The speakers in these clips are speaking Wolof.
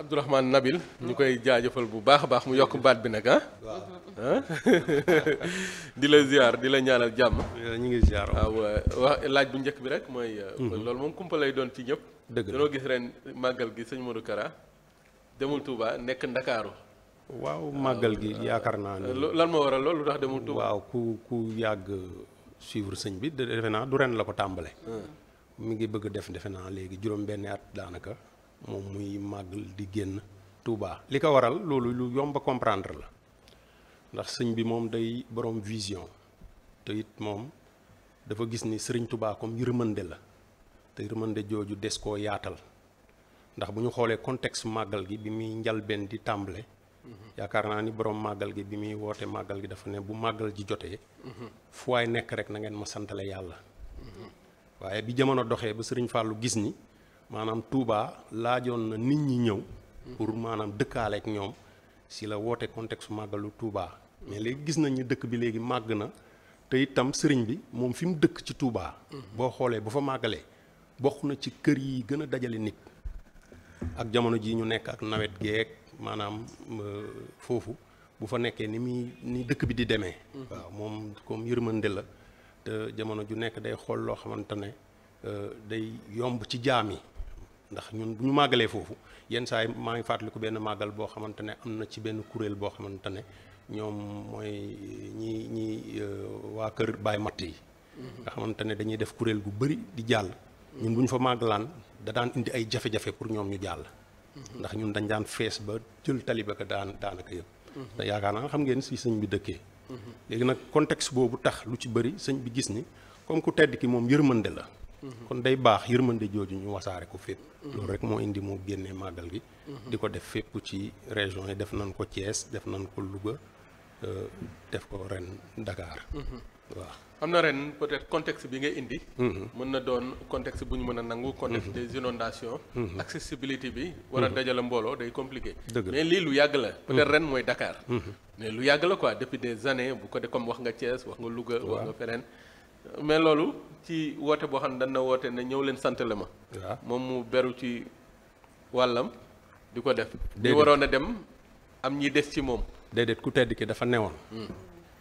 Abdourahmane Nabil ñu koy jaajafal bu baax a baax mu yokk baat bi nag ah. di la ziar di la ñaanal jàmm. ñu ngi ziar waaw wax laaj bu njëkk bi rek mooy. Uh, mhm. loolu moom kumpa doon ci ñëpp. dëgg la dañoo gis ren màggal gi sëñ Modou Kara demul Touba nekk Ndakaaru. waaw màggal gi yaakaar naa ne. lan moo a loolu lu tax demul Touba. waaw ku ku yàgg suivre sëñ bi defe naa du ren la ko tàmbale. Hmm. mi ngi bëgg def defe naa léegi juróom benn at daanaka. moom muy màggal di génn Touba li ko waral loolu lu yomb comprendre la ndax sëñ bi moom day boroom vision te it moom dafa gis ni sëriñ Touba comme yërmande la te yërmande jooju des koo yaatal ndax bu ñu xoolee contexte màggal gi bi muy njalbeen di tàmbale mhm. yaakaar naa ni boroom màggal gi bi muy woote màggal gi dafa ne bu màggal ji jotee mhm. fu nekk rek na ngeen ma santale yàlla mhm. waaye bi jamono doxee ba sëriñ Fallou gis ni maanaam Touba laajoon na nit ñi ñëw. pour maanaam dëkkaale ak ñoom si la woote contexte màggalu Touba. mais léegi gis nañ ni dëkk bi léegi màgg na te itam sëriñ bi moom fi mu dëkk ci Touba. boo xoolee bu fa màggalee bokk na ci kër yi gën a dajale nit. ak jamono ji ñu nekk ak nawet geeg maanaam euh, foofu bu fa nekkee ni muy ni dëkk bi di demee. waaw moom comme yërmande la te jamono ju nekk day xool loo xamante ne euh, day yomb ci jaam yi. ndax ñun bu ñu màggalee foofu yenn saa yi maa ngi fàttaliku benn màggal boo xamante ne am na ci benn kuréel boo xamante ne ñoom mooy ñi ñi euh, waa kër Baay Matt yi. Mhm. nga xamante ne dañuy def kuréel gu bëri di jàll. ñun bu ñu fa màggalaan da daan indi ay jafe-jafe pour ñoom ñu jàll. Mhm. ndax ñun dañ daan fees ba jël tali ba daan daanaka yëpp. Mhm. yaakaar naa xam ngeen si sëñ bi dëkkee. léegi nag contexte boobu tax lu ci bëri sëñ bi gis ni comme ku tedd ki moom yërmande la. kon day baax yërmande jooju ñu wasaare ko fépp. loolu rek moo indi moo génnee màggal gi. di ko def féppu ci région yi def nañ ko cees def nañ ko Louga euh, def ko ren Dakar. Mm-hmm. waaw am na ren peut-être contexte bi ngay indi. Mm-hmm. mën na doon contexte bu ñu mën a nangu. contexte mm-hmm. des inondations. accessibilité bi. war a dajale mbooloo day compliqué. mais lii lu yàgg la. peut-être ren mooy Dakar. mais lu yàgg la quoi depuis des années bu ko def comme wax nga Thiès wax nga Louga. wax nga mais loolu ci woote boo xam ne dañ na woote ne ñëw leen santale ma. waaw moom mu beru ci wàllam di ko def. di waroon a dem am ñi des ci moom. déedéet ku tedd ki dafa newoon. Hmm.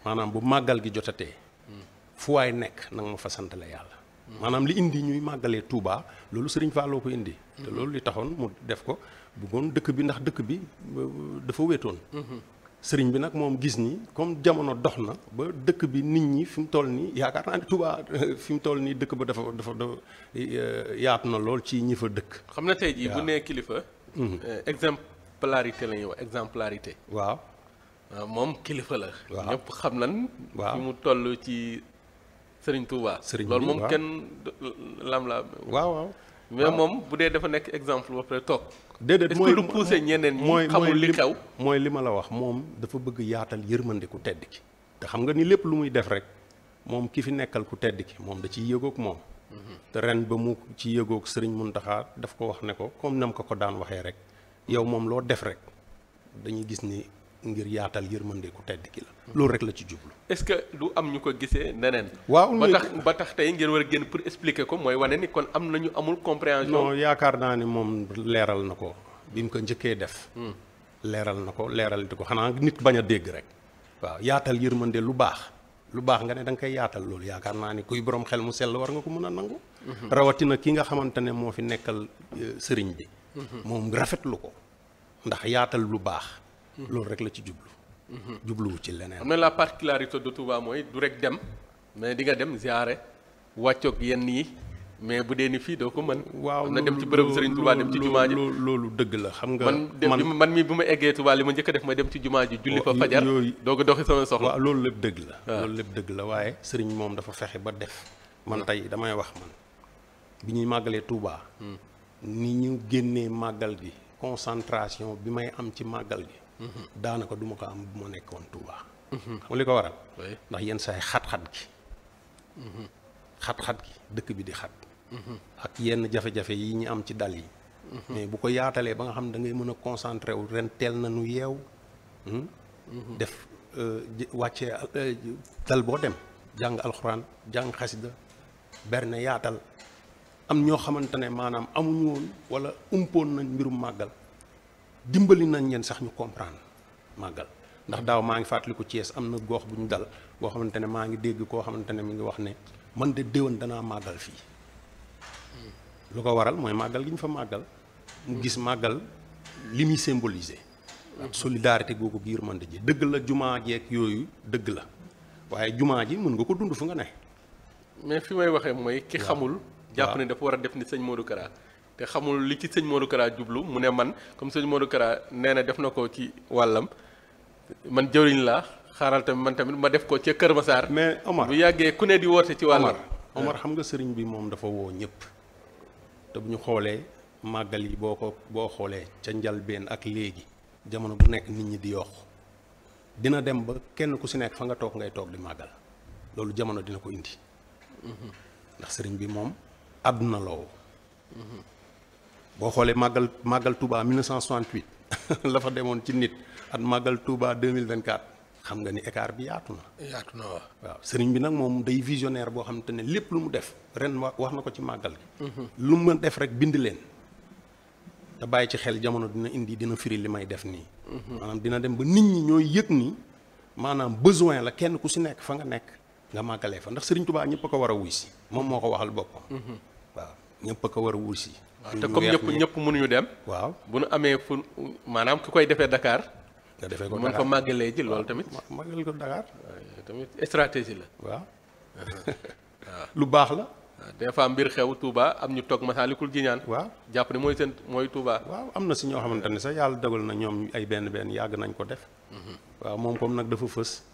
maanaam bu màggal gi jotatee. Hmm. fu waay nekk na ma fa santale yàlla. maanaam li indi ñuy màggalee Touba loolu Serigne Fallou ko indi. Hmm. te loolu li taxoon mu def ko bëggoon dëkk bi ndax dëkk bi euh, dafa wéetoon. sëriñ bi nag moom gis ni comme jamono dox na ba dëkk bi nit ñi fi mu toll nii yaakaar naa ne Touba fi mu toll nii dëkk ba dafa dafa dafa eh, yaatu na lool ci ñi fa dëkk. xam na tey ji bu nee kilifa. Mhm. Eh, exemplarité la ñuy wax exemplarité. waaw ah, moom kilifa la. waaw xam na waaw toll ci sëriñ Touba. sëriñ bi loolu moom waaw waaw. mais ah. moom bu dee dafa nekk exemple ba pare toog. déedéet mooy est-ce que du poussé ñeneen ñi xamul li mooy li ma la wax moom dafa bëgg yaatal yërmande ku tedd ki te xam nga ni lépp lu muy def rek moom ki fi nekkal ku tedd ki moom da ciy yëgoog moom. Mhm. te ren ba mu ci yëgoog Serigne Mountakha daf ko wax ne ko comme nam ko ko daan waxee rek yow moom loo def rek dañuy gis ni. ngir yaatal yërmande ku tedd ki la. loolu rek la ci jublu. est-ce que du am ñu ko gisee neneen. waaw ba tax ba tax tey ngeen war a génn pour expliquer ko mooy wane ni kon am na ñu amul compréhension. non yaakaar naa ni moom leeral na ko bi mu ko njëkkee def. Hmm. leeral na ko leeral di ko xanaa nit bañ a dégg rek. waaw yaatal yërmande lu baax. lu baax nga ne da koy yaatal loolu yaakaar naa ni kuy borom xel mu sell war nga ko mën a nangu. Hmm. rawatina ki nga xamante ne moo fi nekkal eh, sëriñ bi. Hmm. rafetlu ko ndax yaatal lu baax. loolu rek la ci jublu. jubluwu ci leneen. mais la particularité de Touba mooy du rek dem mais di nga dem ziare wàccoog yenn yi mais bu dee ni fii doo ko mën. waaw na dem ci bërëbu sëriñ Touba dem ci jumaa ji loolu dëgg la xam nga. man man mii bu ma eggee Touba li ma njëkk def ma dem ci jumaa ji. julli fa fajar doog a doxi sama soxla. waaw loolu lépp dëgg la. Ah. loolu lépp dëgg la waaye Serigne moom dafa fexe ba def. man tey damay wax man bi ñuy màggalee Touba. Hmm. ni ñu génnee màggal gi. concentration bi may am ci màggal gi. Mhm. daanaka du ma ko am bu ma nekkoon Touba. Mhm. xam li ko waral. ndax yenn saay xat-xat gi. Mhm. xat-xat gi dëkk bi di xat. ak yenn jafe-jafe yi ñu am ci dal yi. mais bu ko yaatalee ba nga xam ne da mën a concentré wu ren teel na nu yeew. Hmm? def euh, wàcce euh, dal boo dem jàng alxuraan jàng xasida berne yaatal am ñoo xamante ne maanaam amuñu woon wala umpoon nañ mbirum màggal dimbali nañ leen sax ñu comprendre màggal ndax daaw maa ngi fàttaliku Thiès am na goox bu ñu dal boo xamante ne maa ngi dégg koo xamante ne mi ngi wax ne man de déwén danaa màggal fii lu ko waral mooy màggal gi ñu fa màggal mu gis màggal li muy symboliser. solidarité googu biir man ji dëgg la jumaa jeeg yooyu dëgg la waaye jumaa ji mën nga ko dund fu nga ne. mais fi may waxee mooy ki xamul. jàpp ne dafa war a def ni sëñ Modou Kara te xamul li ci sëñ Modou Kara jublu mu ne man comme sëñ Modou Kara nee na def na ko ci wàllam man jëriñ laa xaaral tamit man tamit ma def ko ca Kër Massar. mais Omar bu yàggee ku ne di woote ci wàllam. Omar xam nga sëriñ bi moom dafa woo ñëpp te bu ñu xoolee màggal yi boo ko boo xoolee ca njalbeen ak léegi jamono bu nekk nit ñi di yokk dina dem ba kenn ku si nekk fa nga toog ngay toog di màggal loolu jamono dina ko indi. Mhm. ndax sëriñ bi moom. adduna la woo boo xoolee màggal màggal Touba 1968 la fa demoon ci nit at màggal Touba 2024 xam nga ni écart bi yaatu na. yaatu na waaw sëriñ bi nag moom day visionnaire boo xamante ne lépp lu mu def ren wax na ko ci màggal mhm. lu mu def rek bind leen. te bàyyi ci xel jamono dina indi dina firi li may def nii. Mhm. maanaam dina dem ba nit ñi ñooy yëg ni maanaam besoin la kenn ku si nekk fa nga nekk. nga màggalee fa ndax Serigne Touba ñëpp a ko war a wuy si moom moo ko waxal boppam. waaw ñëpp a ko war a wuy si. te comme ñëpp ñëpp mënuñu dem. waaw bu nu amee fu maanaam ku koy defee dakaar nga defee ko Dakar mën ko màggalee ji loolu tamit. màggal ko Dakar. tamit stratégie la. waaw lu baax la. des fois mbir xew Touba am ñu toog Masaalikul Jinaan waaw jàpp ne mooy seen mooy Touba. waaw am na si ñoo xamante ne sax yàlla dogal na ñoom ay benn benn yàgg nañ ko def. Mhm. waaw moom comme nag dafa fës.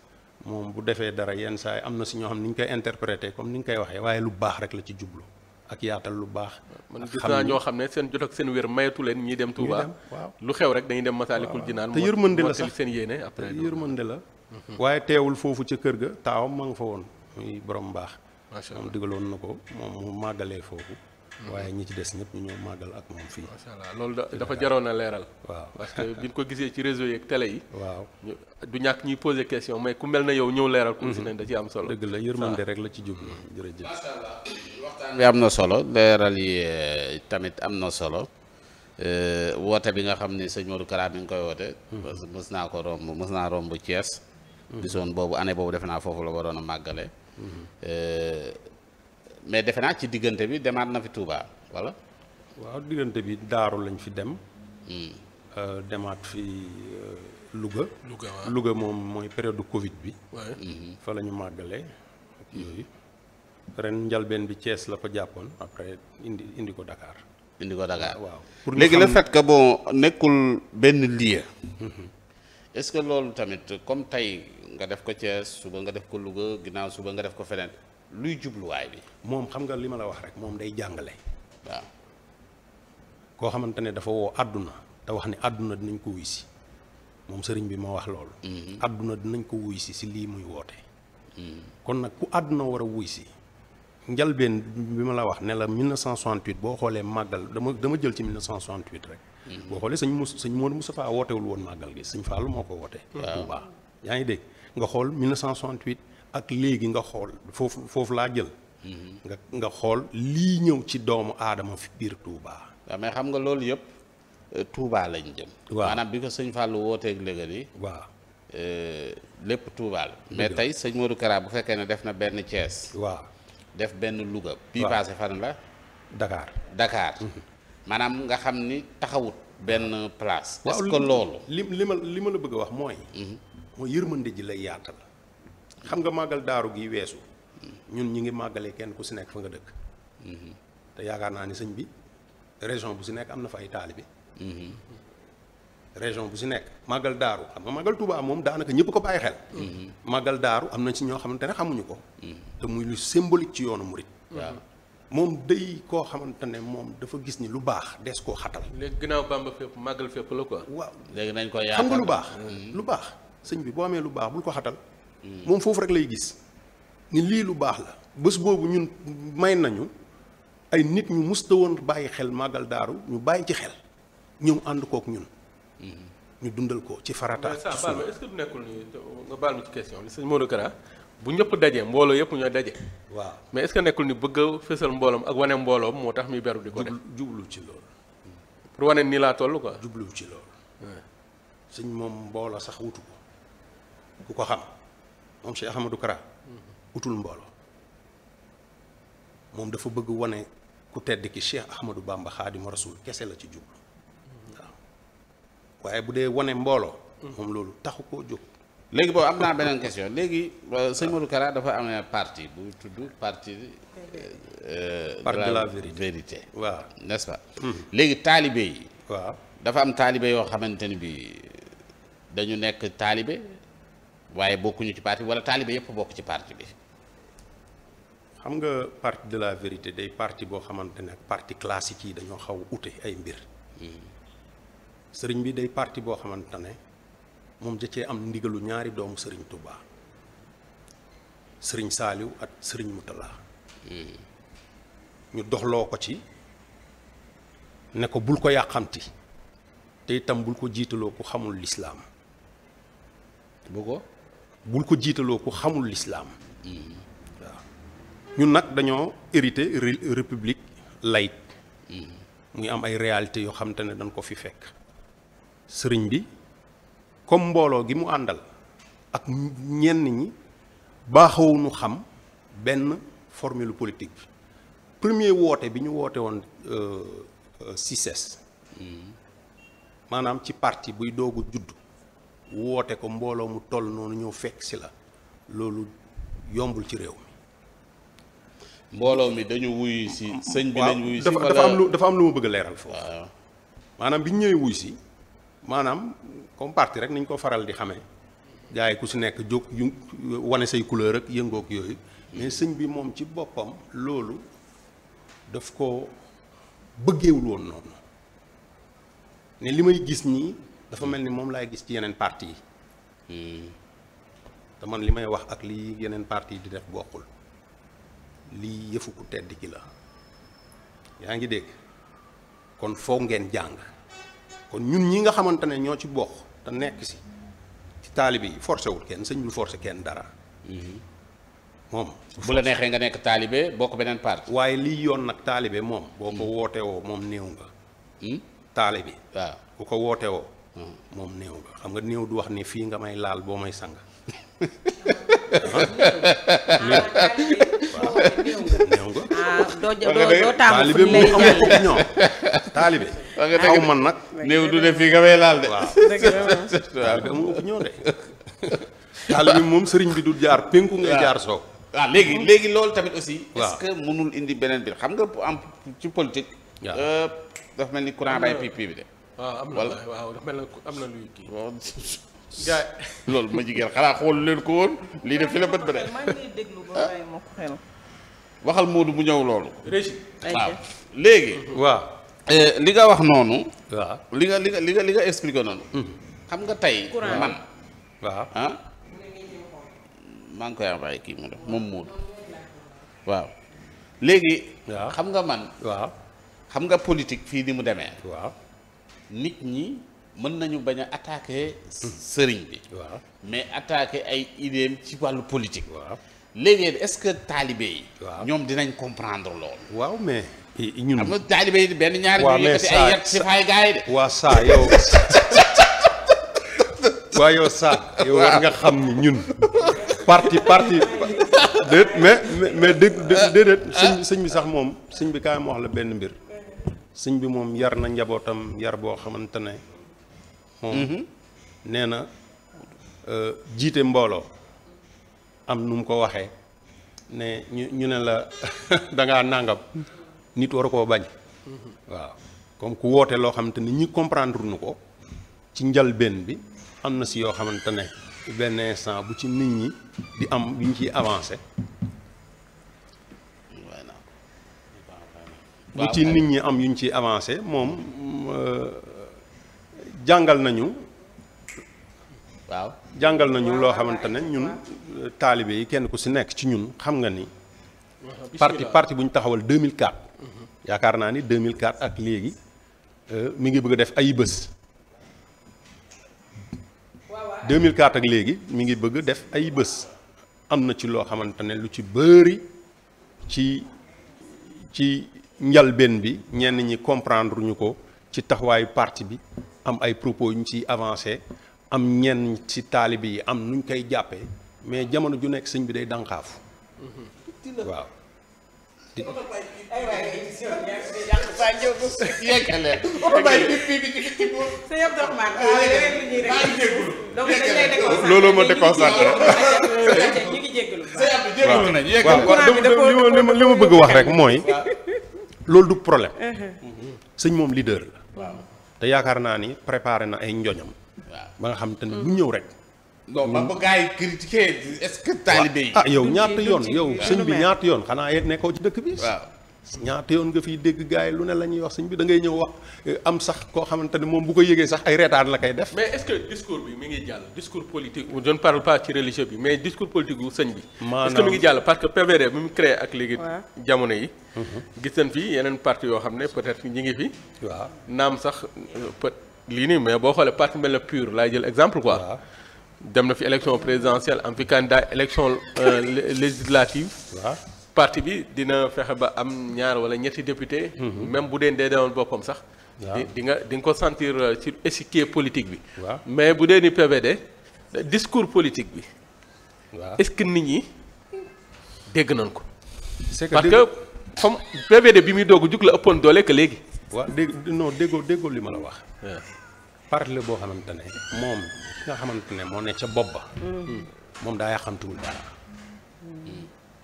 moom bu defee dara yenn saa yi am na si ñoo xam ni ñu koy interpréter comme ni ñu koy waxee waaye lu baax rek la ci jublu ak yaatal lu baax. man gis naa ñoo xam ne seen jot ak seen wér mayatu leen ñuy dem. Touba lu xew rek dañuy dem Masaalikul Jinaan. te yërmande la sax seen yéene après. te yërmande la. Mhm. waaye teewul foofu ca kër ga taawam maa ngi fa woon. muy borom baax. macha allah moom digaloon na ko moom mu màggalee foofu. Mhm. waaye ñi ci des ñëpp ñu ñoo màggal ak moom fii. macha allah loolu dafa jaroon a leeral. waaw parce que bi ñu ko gisee ci réseau yeeg tele yi. waaw du ñàkk ñuy posé question mais ku mel na yow ñëw leeral. ku si mhm. ne da ci am solo. dëgg la yërmande rek la ci jublu jërëjëf. macha na solo leeral yi eh, tamit am na solo eh, woote bi nga xam ni sëñ Modou Kara mi ngi koy woote. parce mhm. mës naa ko romb mës naa romb Thiès. gisoon boobu année boobu defe naa foofu la waroon a màggale. Eh, mais defe naa ci diggante bi demaat na fi Touba wala. waaw diggante bi Daaru lañu fi dem. Hmm. Euh, demaat fi euh, Louga. Louga moom mooy période Covid bi. Hmm. fa la ñu màggalee ak yooyu. ren njalbeen bi Thiès la ko jàppoon après indi indi ko dakaar indi ko Dakar waaw. pour léegi le fait que bon nekkul benn lieu. Mhm. est-ce que loolu tamit comme tey nga def ko Thiès suba nga def ko Louga ginnaaw suba nga def ko feneen. luy jubluwaay bi moom xam nga li ma la wax rek moom day jàngale waaw koo xamante ne dafa woo àdduna te wax ni àdduna dinañ ko wuy si moom sëriñ bi ma wax loolu mm-hmm. àdduna dinañ ko wuy si si lii muy woote mm-hmm. kon nag ku àdduna war a wuy si njalbeen bi ma la wax ne la boo xoolee màggal dama dama jël ci 1968 rek mm-hmm. boo xoolee sëñ Moussa sëñ Modou Moustapha wootewul woon màggal gi sëñ Fallou moo ko woote bu baax yaa ngi dégg nga xool 1968 ak léegi nga xool foofu foofu laa jël. nga nga xool lii ñëw ci doomu aadama fi biir Touba. waaw mais xam nga loolu yëpp euh, Touba lañ jëm. waaw maanaam bi ko sëñ Fallou wooteeg léegi nii. waaw euh, lépp Touba mais tey sëñ Modou Kara bu fekkee ne def na benn Thiès. waaw def benn Louga. waaw bii passé fan la. Dakar Dakar. Mhm. maanaam nga xam ni taxawut benn place. est-ce que loolu. li ma li ma la bëgg a wax mooy. Mhm. mooy yërmande ji lay yaatal. xam nga màggal daaru gi weesu ñun ñi ngi màggalee kenn ku si nekk fa nga dëkk te yaakaar naa ni sëñ bi région bu si nekk am na fa ay taalibe région bu si nekk màggal daaru xam nga màggal Touba moom daanaka ñëpp ko bàyyi xel màggal am na ci ñoo xamante ne xamuñu ko muy lu symbolique ci yoonu murit moom day koo xamante ne moom dafa gis ni lu baax des koo xatal léegi ginnaaw Bàmba fépp màggal fépp la quoi waaw nañ ko yaa xam nga lu baax mm-hmm. lu baax sëñ bi boo amee lu baax bul ko xatal Hmm. moom foofu rek lay gis ni lii lu baax la bés boobu ñun may nañu ay nit ñu musta woon bàyyi xel màggal daaru ñu bàyyi ci xel ñëw ànd kook ñun hmm. ñu dundal ko ci farata ci suñu nekkul ni nga baal ci question li sëñ Modou Kara bu ñëpp dajee mbooloo yëpp ñoo daje. waaw mais est nekkul ni bëgg fësal mbooloom ak wane mbooloom moo tax muy beru di ko def jublu ci loolu pour wane nii laa toll ko jublu ci loolu sëñ moom mbooloo sax wutu ko ku ko xam moom Cheikh Ahmadou Kara utul mbooloo moom dafa bëgg wane ku tedd ki Cheikh Ahmadou Bamba Xaadimu Rasuul kese la ci jublu waaye bu dee wone mbooloo moom loolu taxu koo jóg léegi boo am naa beneen question léegi euh, sëñ Modou Kara dafa am parti bu tudd parti euh, de la vérité waaw nest hmm. léegi taalibe yi waaw dafa am taalibe yoo xamante ni bi dañu nekk taalibe waaye bokkuñu ci parti wala taalibe yëpp bokk ci parti bi. xam nga parti de la vérité day parti boo xamante ne parti classique yi dañoo xaw ute ay mbir. Hmm. sëriñ bi day parti boo xamante ne moom da cee am ndigalu ñaari doomu sëriñ Touba sëriñ Saaliw ak sëriñ Moutala. Hmm. ñu doxloo ko ci ne ko bul ko yàqamti te itam bul ko jiitaloo ku xamul lislaam bu ko bul ko jiitaloo ku xamul lislaam waaw nag dañoo hérité république laïque muy am ay réalité yoo xam te ne dañ ko fi fekk sëriñ bi comme mbooloo gi mu àndal ak ñenn ñi baaxawu ñu xam benn formule politique bi premier woote bi ñu woote woon euh, euh, CICES mm. maanaam ci parti buy doogu judd woote ko mbooloo mu toll noonu ñëw fekk si la loolu yombul ci réew mi. mbooloo mi dañu wuyu si sëñ bi lañ wuyu si dafa dafa am lu dafa am lu ma bëgg leeral foofu. maanaam bi ñu ñëwee wuyu si maanaam comme parti rek nañ ko faral di xamee gars ku si nekk jóg yu wane say couleur ak yëngoog yooyu mais sëñ bi moom ci boppam loolu daf ko bëggeewul woon noonu ne li may gis nii. dafa mel ni moom laay gis ci yeneen parti yi hmm. te man li may wax ak li yeneen parti di def bokkul lii yëfu ku tedd ki la yaa ngi dégg kon foog ngeen jàng kon ñun ñi nga xamante ne ñoo ci bokk te nekk si ci taalibe yi forcé wul kenn sëñ bi forcé kenn dara hmm. moom bu la neexee nga nekk taalibe bokk beneen parti waaye lii yoon nag taalibe moom boo ko hmm. wootee woo moom néew nga taalibe waaw bu ko wootee woo moom néew nga xam nga néew du wax ni fii nga may laal boo may sang. néew ah, moom nag néew du ne fii laal de moom sëriñ bi du jaar pénku ngay jaar soo waaw léegi léegi loolu tamit aussi est-ce indi beneen bi xam nga am ci politique euh, dafa mel ni courant bay pipi bi de waaw am na loolu ma jigéen xanaa xool leen ko woon lii de fi la bët ba de. ko xel. waxal Moodu mu ñëw loolu. Régis waaw léegi. Mhm. waaw eh, li nga wax noonu. waaw li nga li nga li nga li noonu. Mhm. xam nga tey. man waaw ah. koy envoyé kii mu def moom Moodu waaw. léegi. xam nga man. waaw xam nga politique fii ni mu demee. waaw. nit ñi mën nañu bañ a attaquer sëriñ bi. mais attaquer ay idéem ci wàllu politique. waaw léegi est-ce que taalibe yi. waaw ñoom dinañ comprendre loolu. waaw mais. ñun am na taalibe benn ñaari. waaw mais saa ay yat si faay gaay de. waaw saa yow. waa yow saa yow war nga xam ni ñun parti parti déet mais mais déet déet sëñ bi sax moom sëñ bi kaay ma wax la benn mbir. sëñ bi moom yar na njabootam yar boo xamante ne moom mhm. nee na euh, jiite mbooloo am nu mu ko waxee ne ñu ñu ne la dangaa nàngam nit war koo bañ mhm. waaw comme ku woote loo xamante ni ñi comprendre nu ko ci njalbeen bi am na si yoo xamante ne benn instant bu ci nit ñi di am bu ñu ciy avancé lu ci nit ñi am yuñ ci avancé moom euh, jàngal nañu waaw jàngal nañu loo xamante ne ñun euh, taalibe yi kenn ku si nekk ci ñun xam nga ni parti parti bu ñu taxawal 2004 yaakaar naa ni 2004 euh, ak léegi mi ngi bëgg def ay bés 2004 ak léegi mi ngi bëgg def ay bës am na ci loo xamante ne lu ci bëri ci ci njalbeen bi ñenn ñi comprendre ñu ko ci taxawaayu partie bi am ay propos yu ñu ciy avancé am ñenn ci taalibe yi am nu ñu koy jàppee mais jamono ju nekk sëñ bi day dànqaafu waaw loolu ma déconcentré li ma bëgg wax rek mooy loolu du problème. Uh-huh. Mm-hmm. sëñ moom leader la. te yaakaar naa ni préparé na ay njoñam. ba nga xam ne lu ñëw rek. non ba gars yi critiqué est-ce que. taalibe yi ah yow ñaata yoon yow sëñ bi ñaata yoon xanaa yéen nekkoo ci dëkk bi. waaw. ñaata yoon nga fiy dégg gars yi lu ne la ñuy wax sëñ bi da ngay ñëw wax eh, am sax koo xamante ne moom bu ko yëgee sax ay reetaan la koy def. mais est discours bi mi ngi jàll discours politique je ne parle pas ci religieux bi mais discours politique gu sëñ bi. maanaam est-ce que mi ngi jàll parce que PVD bi mu créé ak léegi. jamono yi. Mhm. gis nañ fii yeneen parti yoo xam ne peut-être ñi ngi fi. waaw naam sax peut lii nii mais boo xoolee part mel ne laay jël exemple quoi. dem na fi élection présidentielle am fi candidat élection euh, législative. waaw parti bi dina fexe ba am ñaar wala ñetti député mhm. même bu dee dee demoon boppam sax di di nga di nga ko sentir euh, ci échiquier politique bi mais bu dee ni PVD discours politique bi waaw est-ce nit ñi dégg nañ ko parce que comme bi muy doog jug la ëppoon doole que léegi waaw dégg non déggoo déggoo li ma la wax parti la boo xamante ne moom nga xamante ne moo ne ca bopp ba hmm. moom daa yàqamtuwul dara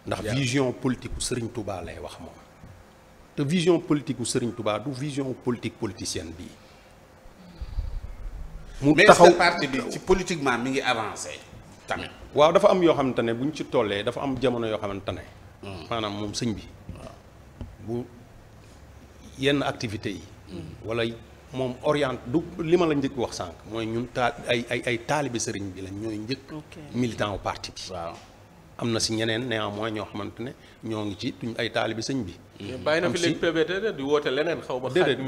ndax vision politique u Serigne lay wax moom te vision politique u Serigne Touba du vision politique politicienne bii. mu taxaw mais parti bi ci politiquement mi ngi avancé tamit. waaw dafa am yoo xamante ne bu ñu ci tollee dafa am jamono yoo xamante ne. Hmm. maanaam moom sëñ bi. bu yenn activité yi. Hmm. wala moom oriente du li ma la njëkk wax sànq mooy ñun taal ay ay ay taalibe sëriñ bi la ñooy njëkk. militant wu parti bi. am na si ñeneen néanmoins ñoo xamante ne ñoo ngi ci duñ ay taalibi sëñ bi. Mm-hmm. bàyyi na fi léegi PVT di woote leneen xaw ma. déedéet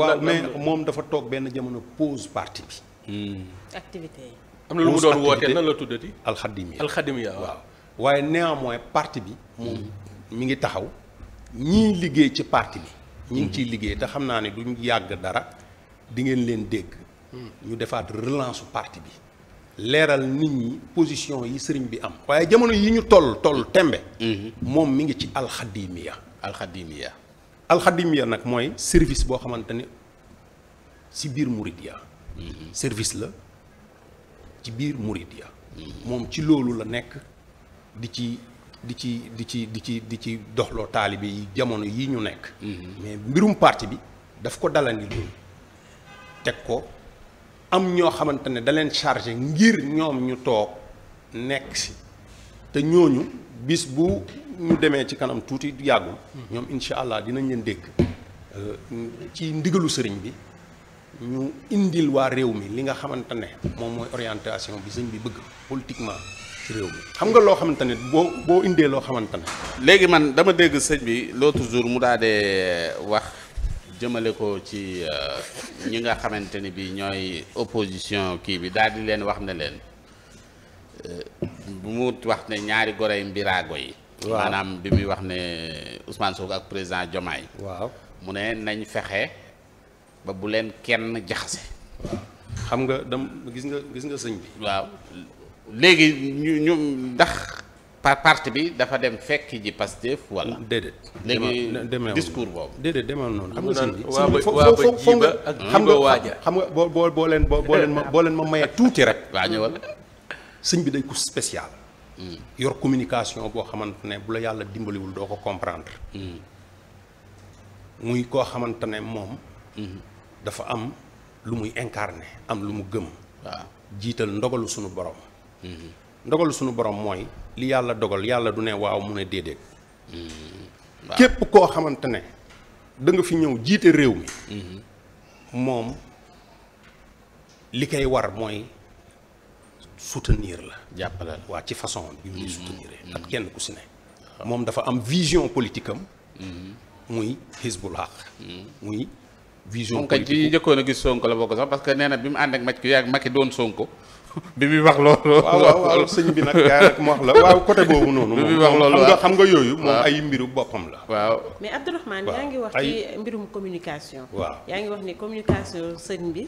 waaw mais moom dafa toog benn jamono pause parti bi. Mm-hmm. activité yi. am na lu mu doon wootee nan la tuddati. alxadimiya alxadimiya waaw. waaye néanmoins parti bi. moom mm-hmm. mi ngi taxaw. ñii liggéey ci parti bi. ñi ngi ciy liggéey te xam naa ne duñ yàgg dara di ngeen leen dégg. ñu defaat relance su parti bi. leeral nit ñi position yi sëriñ bi am waaye jamono yi ñu toll toll tembe mm-hmm. moom mi ngi ci alxadimiya alxadimiya alxadimiya nag mooy service boo xamante ne si biir Mouridia mm-hmm. service la ci biir Mouridia mm-hmm. moom ci loolu la nekk di ci di ci di ci di ci di ci doxloo taalibe yi jamono yi ñu nekk mais mbirum parti bi daf ko dalandi loolu teg ko am ñoo xamante ne da leen chargé ngir ñoom ñu toog nekk si te ñooñu bis bu ñu demee ci kanam tuuti yàggul ñoom incha allah dinañ leen dégg euh, ci ndigalu sëriñ bi ñu indil waa réew mi li nga xamante ne moom mooy orientation bi sëñ bi bëgg politiquement ci réew mi xam nga loo xamante ne boo boo indee loo xamante ne léegi man dama dégg sëñ bi l'autre jour mu daal dee euh, wax jëmale ko ci euh, ñi nga xamante ni bi ñooy opposition kii bi daal di leen wax na leen bu euh, mu wax ne ñaari gorey mbiraago yi maanaam bi muy wax ne Ousmane Sonko ak président Diomaye waaw mu ne nañ fexe ba bu leen kenn jaxase xam nga dam nga gis nga sëñ bi waaw léegi ñu ñu ndax part parti bi dafa dem fekk ji Pastef wala. déedéet léegi discours boobu. déedéet demeewul noonu xam nga si ba ak xam nga xam nga boo boo boo leen boo leen ma boo leen ma mayee tuuti rek. waa sëñ bi day ku spécial. Hmm. yor communication boo xamante ne bu la yàlla dimbaliwul doo ko comprendre. Hmm. muy koo xamante ne moom. Hmm. dafa am lu muy incarné am lu mu gëm. waaw jiital ndogalu sunu borom. ndogalu suñu borom mooy li yàlla dogal yàlla du ne waaw mu ne déedéet. Hmm. képp koo xamante ne da nga fi ñëw jiite réew mi. Hmm. moom li kay war mooy soutenir la. jàppale la waa ci façon bi muy soutenir hmm. ak kenn ku si ne. moom dafa am vision politique am. muy Hizbul Haq muy vision politique moom kay ci njëkkoon a gis Sonko la bokk sax parce que nee na bi mu ànd ak Macky yaa Macky doon Sonko. bi muy wax loolu. waaw waaw sëñ bi nag daanaka mu wax waaw côté boobu noonu. bi muy wax xam nga xam nga yooyu. moom ay mbiru boppam la. waaw mais Abdourahmane yaa ngi wax ci mbirum communication. yaa ngi wax ni communication sëñ bi.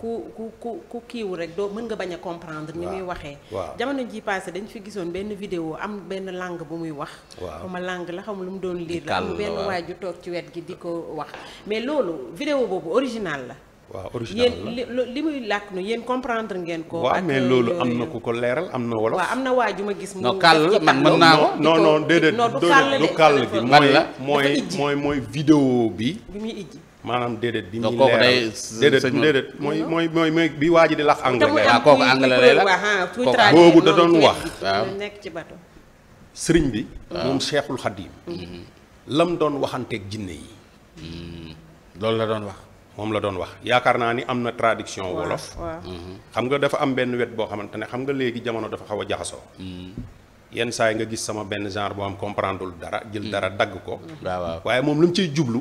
ku ku ku ku kiiwu rek doo mën nga bañ a comprendre. ni muy waxee. jamono ji passé dañ fi gisoon benn vidéo am benn langue bu muy wax. waaw xuma langue la xam lu mu doon liir la. am benn waay toog ci wet gi di ko wax. mais loolu vidéo boobu original la. waaw original la li muy làkk nu yéen comprendre ngeen ko. waaw mais euh, loolu am na ku ko leeral am na wolof. waaw am na waa ju ma gis. mu non kàll la man mën naa ko. non non déedéet du kàll gi mooy mooy mooy mooy vidéo bi. bi muy ijji. maanaam déedéet bi muy leeral déedéet déedéet mooy mooy mooy mooy bi waa ji di lax anglais. Ah, waaw ah, kooku anglais la kooku boobu da doon wax. waaw nekk ci bato. sëriñ bi. moom Cheikhul Khadim. Mm-hmm. lam doon waxanteeg jinne yi. Mm-hmm. loolu la doon wax. moom la doon wax yaakaar naa ni am na traduction wolof mhm. xam nga dafa am benn wet boo xamante ne xam nga léegi jamono dafa xaw a jaxasoo mhm. yenn saa yi nga gis sama benn genre boo am lu dara jël mhm. dara dagg ko waaye moom lu mu ciy jublu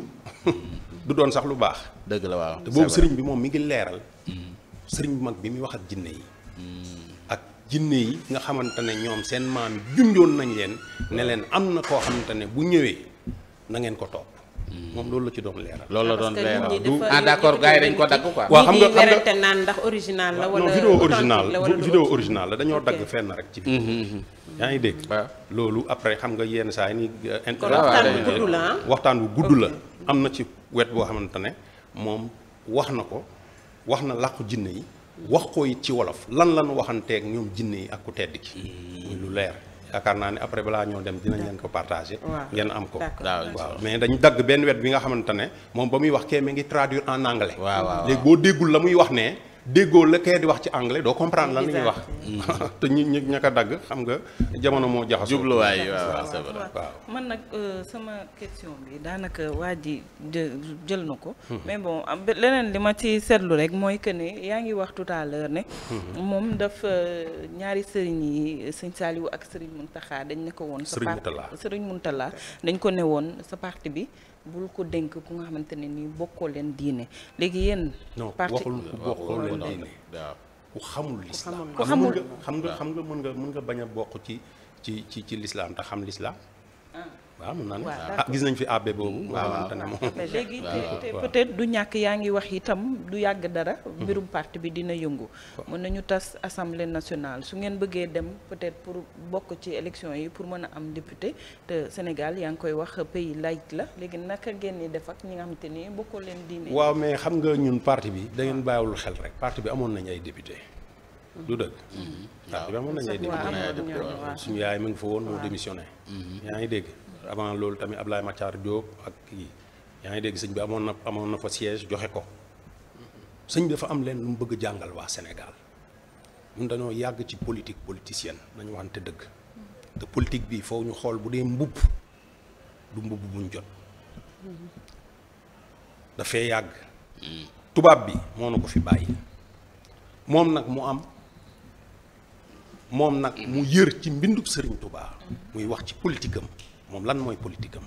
du doon sax lu baax dëgg la waaw te boobu sëriñ bi moom mi ngi leeral sëriñ bu mag bi muy wax ak jinne yi ak jinne yi nga xamante ñoom seen maam junjoon nañ leen ne leen am na koo xamante bu ñëwee na ngeen ko topp moom loolu la ci doon leeral. loolu la ah, doon leeral du ah d'accord gars yi dañ ko dagg quoi. waaw xam nga xam nga naan ndax original la. wala vidéo original vidéo la dañoo dagg fenn rek ci mm-hmm, biir. Mm-hmm. yaa ngi dégg. loolu après xam nga yenn saa yi nii. Euh, waxtaan wu gudd la am na ci wet boo xamante ne moom wax na ko wax na làqu jinne yi wax ko it ci wolof lan lan waxanteeg ñoom jinne yi ak ku tedd ki. Mm-hmm. muy lu leer. yaakaar naa ne après balaa ñoo dem dinañ leen ko partagé ngeen am ko waaw mais dañu dagg benn wet bi nga xamante ne moom ba muy wax kee mi ngi traduire en anglais léegi boo déggul la muy wax nee déggoo la kay di wax ci anglais doo comprendre lan la ñuy wax. te ñi ñi ña ko dagg xam nga jamono moo jaxasoo. jubluwaay man nag euh, sama question bi daanaka waa ji jël na ko. Hmm. mais bon leneen li ma ci seetlu rek mooy que ne yaa ngi wax tout ne. Hmm. moom daf ñaari sëriñ yi sëñ Saliou ak sëriñ taxaa dañ ne ko woon. sëriñ Mountakha dañ ko ne woon sa parti bi. bul ko dénk ku nga xamante ne nii bokkoo leen diine léegi yéen. parti waxul ku bokkoo leen diine. ku xamul lislaam ku xamul xam nga xam nga mën nga mën nga bañ a bokk ci ci ci ci lislaam te xam lislaam ah. waaw mun naa ne ah, gis nañ fi abbé boobu. waaw mais léegi te peut-être du ñàkk yaa ngi wax itam du yàgg dara. Mhm. mbirum parti bi dina yëngu. mën nañu tas assemblée nationale su ngeen bëggee dem peut-être pour bokk ci élection yi pour mën a am député te Sénégal yaa ngi koy wax pays laïque la léegi naka ngeen di def ak ñi nga xam ni bokkoo leen diine. waaw mais xam nga ñun parti bi da ngeen bàyyiwul xel rek parti bi amoon nañ ay député. du dëgg. Mhm. waaw amoon nañ ay député suñu yaay mu ngi fa woon moo démissionné. Mhm. yaa ngi dégg. avant loolu tamit Ablaye Matar Diop ak kii yaa ngi dégg sëñ bi amoon na amoon na fa siège joxe ko sëñ bi dafa am leen lu mu bëgg jàngal waa Sénégal ñun dañoo yàgg ci politique politicienne nañu waxante dëgg te politique bi foo ñu xool bu dee mbubb du mbubb buñ jot dafay yàgg tubaab bi moo na ko fi bàyyi moom nag mu am moom nag mu yër ci mbindu sëriñ Touba muy wax ci politikam moom lan mooy politique am.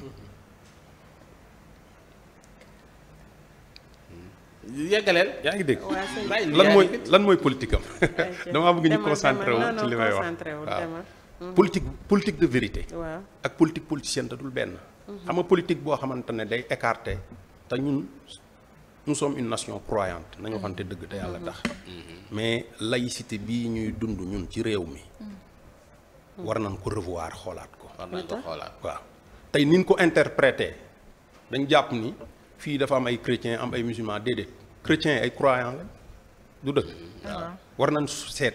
yaa ngi dégg. lan mooy lan mooy politique am. damaa bëgg ñu concentré ci li may wax waaw. Mm-hmm. politique politique de vérité. ak politique politicienne te dul benn. Mm-hmm. xam nga politique boo xamante ne day écarté te ñun nous sommes une nation croyante nañu waxante dëgg te yàlla mm-hmm. tax. mais laïcité bi ñuy dund ñun ci réew mi. war nañ ko revoir xoolaat. war nañ ko xoolaat waaw tey ni ko interprété dañ jàpp ni fii dafa am ay chrétien am ay musulman déedéet chrétien ay croyant la du dëgg ah. war nañ seet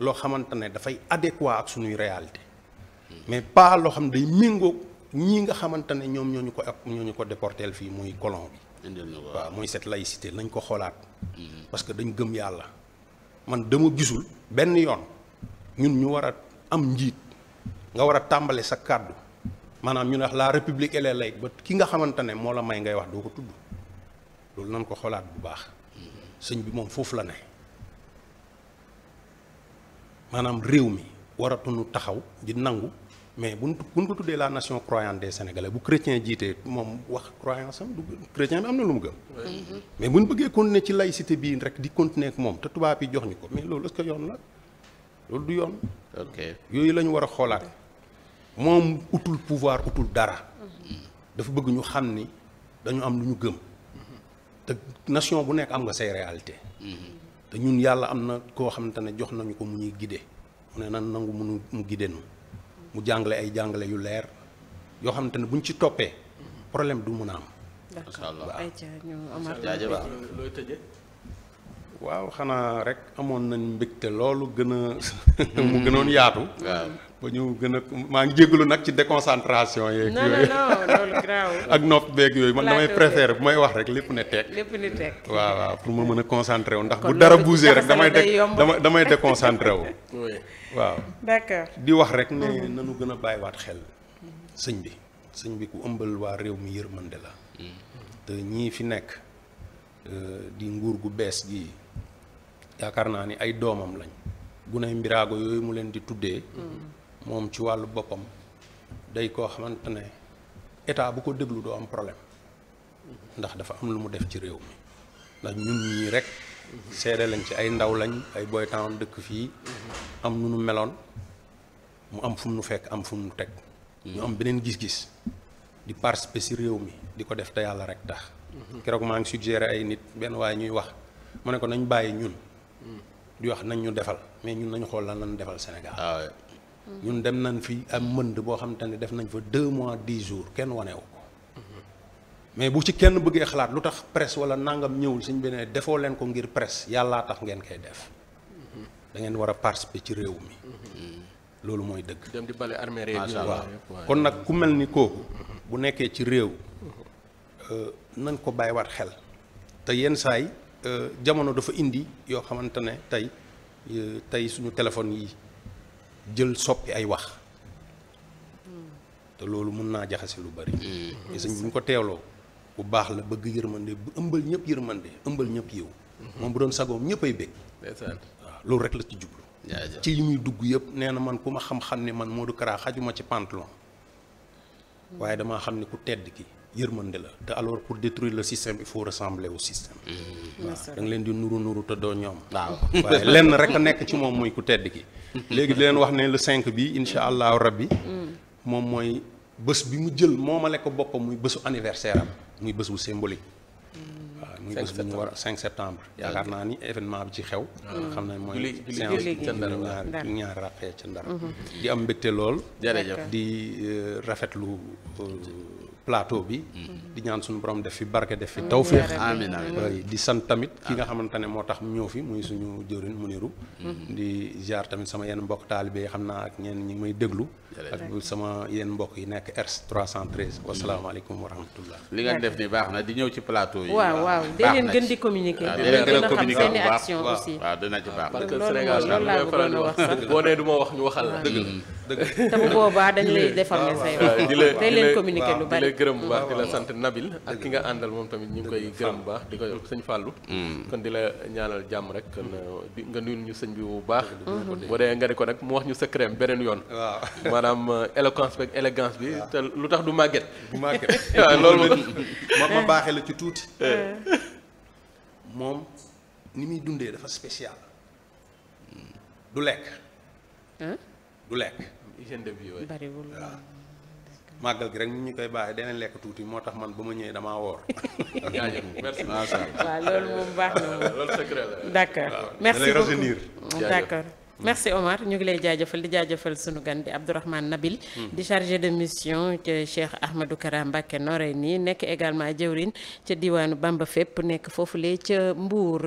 loo xamante ne dafay adéquat ak suñuy réalité mais pas loo xam ne day méngóog ñii nga xamante ne ñoom ñoo ñu ko ak ñoo ñu ko déporteel fii muy colon bi waaw mooy cette laïcité nañ ko xoolaat mm-hmm. parce que dañ gëm yàlla man dama gisul benn yoon ñun ñu war a am njiit nga war a tàmbale sa kàddu maanaam ñu ne laa république et les laïcs ba ki nga xamante ne moo la may ngay wax doo ko tudd loolu nan ko xoolaat bu baax sëñ bi moom foofu la ne maanaam réew mi waratuñu taxaw di nangu mais bu buñ ko tuddee la nation croyante des sénégalais bu chrétien jiitee moom wax croyance am du chrétien bi am na lu mu gëm. mais buñ bëggee continuer ci laïcité bii rek di continuer ak moom te tubaab yi jox ñu ko mais loolu est-ce yoon la loolu du yoon. yooyu la war a xoolaat. moom utul pouvoir utul dara dafa bëgg ñu xam ni dañu am lu ñu gëm te nation bu nekk am nga say réalité te ñun yàlla am na koo xamante ne jox nañu ko mu ñuy gide mu ne nan nangu munu mu gide nu mu jàngale ay jàngale yu leer yoo xamante ne buñ ci toppee problème du mun a am waaw xanaa rek amoon nañ te loolu gën a mu gënoon yaatu ba ñu gën a maa ngi jégalu nag ci déconcentration yeeg. ak nopp beek yooyu man damay préféré bu may wax rek lépp ne teg. lépp waaw waaw pour ma mën a concentré wu ndax bu dara bougé rek damay damay damay déconcentré wu. waaw di wax rek ne mhm. nanu gën a bàyyiwaat xel. sëñ bi sëñ bi ku ëmbal waa réew mi mën de la. Mhm. te ñii fi nekk euh, di nguur gu bees gi yaakaar naa ni ay doomam lañ. gunay mbiraago yooyu mu leen di tuddee. Mhm. moom ci wàllu boppam day koo xamante ne état bu ko déglu doo am problème ndax dafa am lu mu def ci réew mi ndax ñun ñii rek seede lañ ci ay ndaw lañ ay boy town dëkk fii am nu nu meloon mu am fu nu fekk am fu mu nu teg ñu am beneen gis-gis di participer ci réew mi di ko def te yàlla rek tax keroog maa ngi suggéré ay nit benn waaye ñuy wax mu ne ko nañ bàyyi ñun di wax nañ ñu defal mais ñun nañu xool lan lañ defal senegal ah ñun dem nañ fi am mënd boo xam ne def nañ fa deux mois dix jours kenn wanewu ko mais bu ci kenn bëggee xalaat lu tax presse wala nangam ñëwul suñ beneen defoo leen ko ngir presse yàllaa tax ngeen koy def da ngeen war a participer ci réew mi loolu mooy dëgg. dem di bale armée réew waaw kon nag ku mel ni kooku bu nekkee ci réew euh, nañ ko bàyyiwaat xel te yenn saay euh, jamono dafa indi yoo xamante ne tey euh, tey suñu téléphone yi jël soppi ay wax hmm. te loolu mun naa jaxase lu bari. mais hmm. sëñ bi ñu ko teeloo bu baax la bëgg yërmande bu ëmbal ñëpp yërmande ëmbal ñëpp yiw hmm. moom bu doon sagoom ñëpp ay bëgg. waaw loolu rek la ci jublu. ci li muy dugg yëpp nee na man ku ma xam-xam ne man moo du Kara xajuma ci pantalon waaye damaa xam ne ku tedd ki yërmande la te alors pour détruire le système il faut ressembler au système. Mm-hmm. waaw leen di nuru nuru te doo ñoom. waaw waaye lenn rek nekk ci moom mooy ku tedd ki. léegi di leen wax ne le 5 bi incha allahu rabbi. Mm. moom mooy bés bi mu jël moomale ko boppam muy bésu anniversaire am muy bés bu symbolique. Mm. waaw muy bés bu ñu war a 5 septembre. yaakaar naa ni événement bi ci xew. Ah. xam na mooy séance bi ca ndar ñaar ñaar ràqee ca ndar. Mm-hmm. di am mbégte lool. plateau bi. Mm-hmm. di ñaan suñu borom def fi barke def fi tawféex. amiin euh, ki nga ah. xamante ne moo tax ñëw fi muy suñu jëwrin Muniru mm-hmm. di ziar tamit sama yenn mbokk taalibe yi xam naa ak ñeen ñi may déglu. ak sama yenn mbokk yi nekk RS 313. Mm-hmm. wasalaamaaleykum wa rahmatullah. li nga def ni baax na di ñëw ci plateau yi. waaw waaw de leen gën di communiquer. waaw ah, de leen gën a communiquer bu baax waaw dina ci baax. parce que Sénégal dañu faral di wax boo nee du ma wax ñu waxal la. dëgg la dëgg la te bu boobaa dañu lay déformer say wax. di leen communiquer lu bari gërëm bu baax di la sant Nabil ak ki nga àndal moom tamit ñu ngi koy gërëm bu baax di ko sëñ Fallou mm. kon di la ñaanal jàmm rek kon euh, nga nuyul ñu sëñ bi bu baax mm-hmm. bu dee nga di ko nag mu wax ñu sa crème beneen yoon waaw maanaam euh, éloquence beeg élégance bi te lu tax du màgget bu màgget loolu ma ma baaxee la ci tuuti eh. moom ni muy dundee dafa spécial mm. du lekk du lekk hygiène màggal gi rek ñu koy bàyyi deneen lekk tuuti moo tax man ba ma ñëwee damaa woor. jaajëf merci macha allah. loolu moom baax na loolu secret merci Omar ñu ngi lay jaajëfal di jaajëfal sunu gan bi Abdourahmane Nabil. Hmm. di chargé de mission ca Cheikh Ahmadou Kara Mbacké nii nekk également jëwriñ ca diwaanu Bamba fépp nekk foofu foofulee ca Mbour.